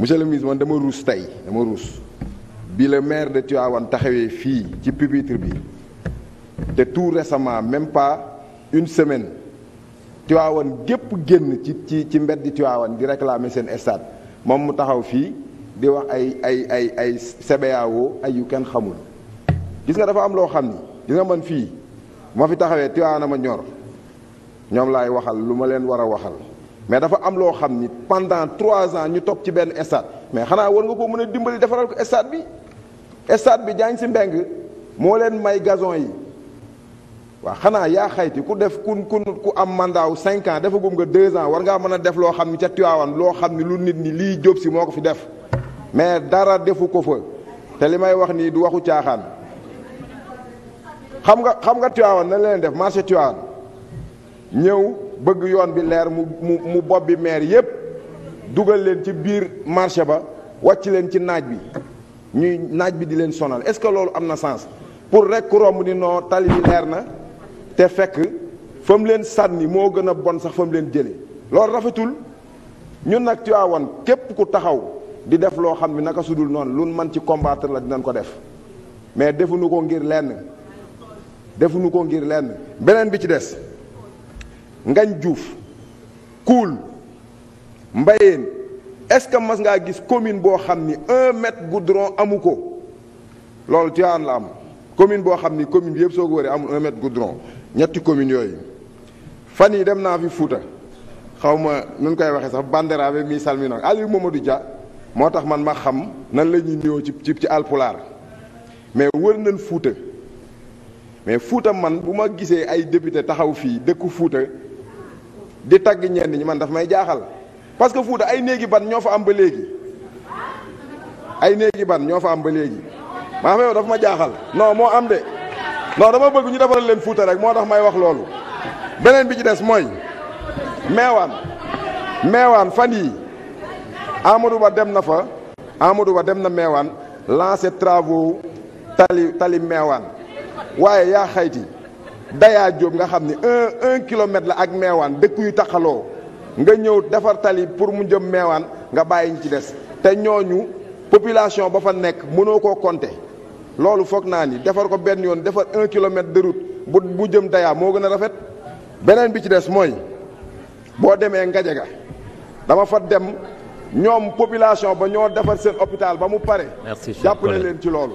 monsieur le ministre man dama ruus tey dama ruus bi le maire de Tivaouane taxawee fii ci pupitre bi te tout récemment même pas une semaine Tivaouane gépp génn ci ci ci mbedd Tivaouane di réclamer seen stade moom mu taxaw fii di wax ay ay ay ay CBAO ay kenn xamul gis nga dafa am loo xam ni gis nga man fii ma fi taxawee Tivaouane ma ñor ñoom laay waxal lu ma leen war a waxal mais dafa am loo xam ni pendant trois ans ñu toog ci benn stade mais xanaa war nga koo mën a dimbali defaral ko stade bi stade bi jaañ si mbeng moo leen may gazon yi waa xanaa yaa xayti ku def ku ku ku am mandat wu cinq ans defagum nga deux ans war ngaa mën a def loo xam ni ca Tiwaawan loo xam ni lu nit ñi lii jóob si moo ko fi def mais dara defu ko fa te li may wax nii du waxu caaxaan xam nga xam nga Tiwaawan na leen def marché Tiwaawan ñëw bëgg yoon bi leer mu mu mu bopp bi maire yépp dugal leen ci biir marché ba wàcc leen ci naaj bi ñuy naaj bi di leen sonal est-ce que loolu am na sens pour rek ku romb ni noo tali bi leer na te fekk fa mu leen sànni moo gën a bon sax fa mu leen jële loolu rafetul ñun nag Tivaouane képp ku taxaw di def loo xam ne naka sudul noonu lu man ci combattre la dinañ ko def mais defuñu ko ngir lenn defuñu ko ngir lenn beneen bi ci des Ngañ Diouf Koul Mbayeen est-ce que mas ngaa gis commune boo xam ni un mètre goudron amu ko loolu Tivaouane la am commune boo xam ni commune bi yëpp soo ko wëree amul un mètre goudron ñetti commune yooyu fan yi dem naa fi Fouta xaw ma nu koy waxee sax bandéraabe mi salmino Aliou du Dia moo tax man ma xam nan la ñuy néew ci ci ci alpulaar mais wër nañ Fouta mais Fouta man bu ma gisee ay député taxaw fii dëkku Fouta di tagg ñenn ñi man daf may jaaxal parce que Fuuta ay néegi ban ñoo fa am ba léegi ay néegi ban ñoo fa am ba léegi maa xam yow dafa ma jaaxal non moo am de non dama bëgg ñu defaral leen Fuuta rek moo tax may wax loolu beneen bi ci des mooy meewaan meewaan fan yi Amadou Ba dem na fa Amadou Ba dem na meewaan lancer travaux tali tali meewaan waaye yaa xayti dayaa jóob nga xam ne un un kilomètre la ak meewaan dëkku yu taxaloo nga ñëw defar tali pour mu jëm meewaan nga bàyyi ñu ci des te ñu population ba fa nekk mënoo ko compter loolu foog naa ni defar ko benn yoon defar un kilomètre de route bu mu jëm dayaa moo gën a rafet beneen bi ci des mooy boo demee Ngadiaga dama fa dem ñoom population ba ñoo defar seen hôpital ba mu pare jàppale leen ci loolu